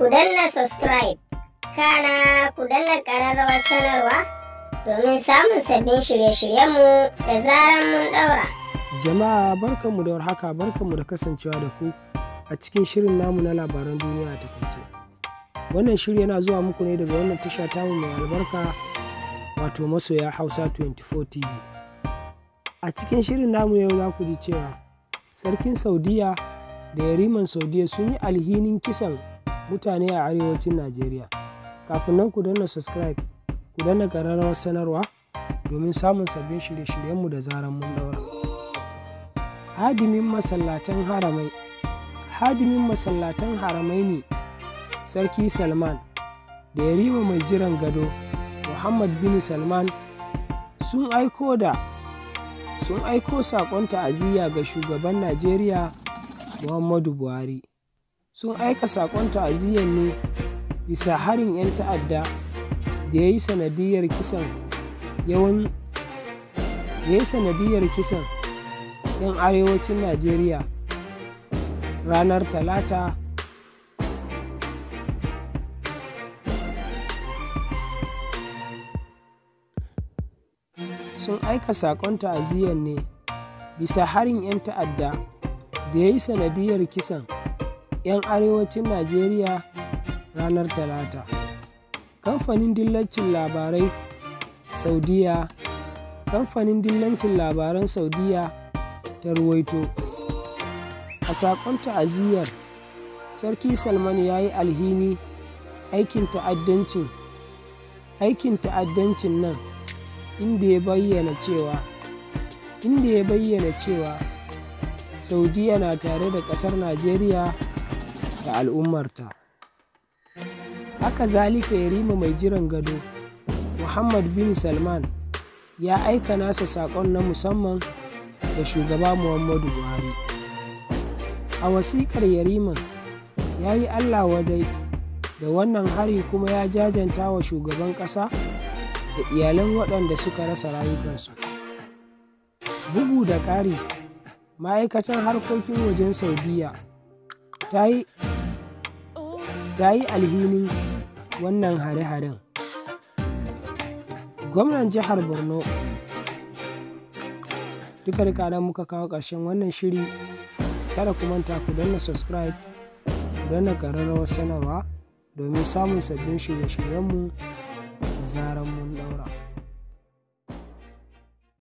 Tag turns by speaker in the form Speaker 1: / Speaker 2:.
Speaker 1: ku danna subscribe kana ku danna ƙararrawar sanarwa domin samun sabbin shirye-shiryenmu da zaran mun daura. Jama'a barkanmu da warhaka barkanmu da kasancewa da ku a cikin shirin namu na labaran duniya a takaice. Wannan shiri yana zuwa muku ne daga wannan tasha tamu mai albarka wato masoya Hausa 24 TV. A cikin shirin namu yau za ku ji cewa Sarkin Saudiya da Yariman Saudiya sun yi alhinin kisan mutane a arewacin Najeriya. Kafin nan ku danna subscribe, ku danna ƙararrawar sanarwa domin samun sabbin shirye-shiryenmu da zaran mun ɗaura. Hadimin masallatan haramai Hadimin masallatan haramai ne Sarki Salman da Yarima mai jiran gado Muhammad bin Salman sun aiko da sun aiko saƙon ta'aziyya ga shugaban Najeriya Muhammadu Buhari. sun aika saƙon ta'aziyyar ne bisa harin 'yan ta'adda da ya yi sanadiyar kisan yawan da ya sanadiyar kisan 'yan arewacin najeriya ranar talata sun aika saƙon ta'aziyyar ne bisa harin 'yan ta'adda da ya yi sanadiyar kisan 'yan arewacin Najeriya ranar Talata. Kamfanin dillacin labarai Saudiya Kamfanin dillancin labaran Saudiyya ta ruwaito. A saƙon ta'aziyyar, Sarki Salman ya yi alhini aikin ta'addancin aikin ta'addancin nan inda ya bayyana cewa inda ya bayyana cewa saudiya na tare da ƙasar najeriya ga al'ummarta. Haka zalika Yarima mai jiran gado, Muhammad bin Salman ya aika nasa saƙon na musamman ga shugaba Muhammadu Buhari. A wasiƙar Yariman ya yi Allah wadai da wannan hari kuma ya jajanta wa shugaban ƙasa da iyalan waɗanda suka rasa rayukansu. Bugu da ƙari, ma'aikatan harkokin wajen saudiya ta yi ta yi alhinin wannan hare-haren. Gwamnan Jihar Borno duka da kada muka kawo ƙarshen wannan shiri kada ku manta ku danna subscribe ku na ƙararrawar sanarwa domin samun sabbin shirye-shiryenmu da zaran mun daura.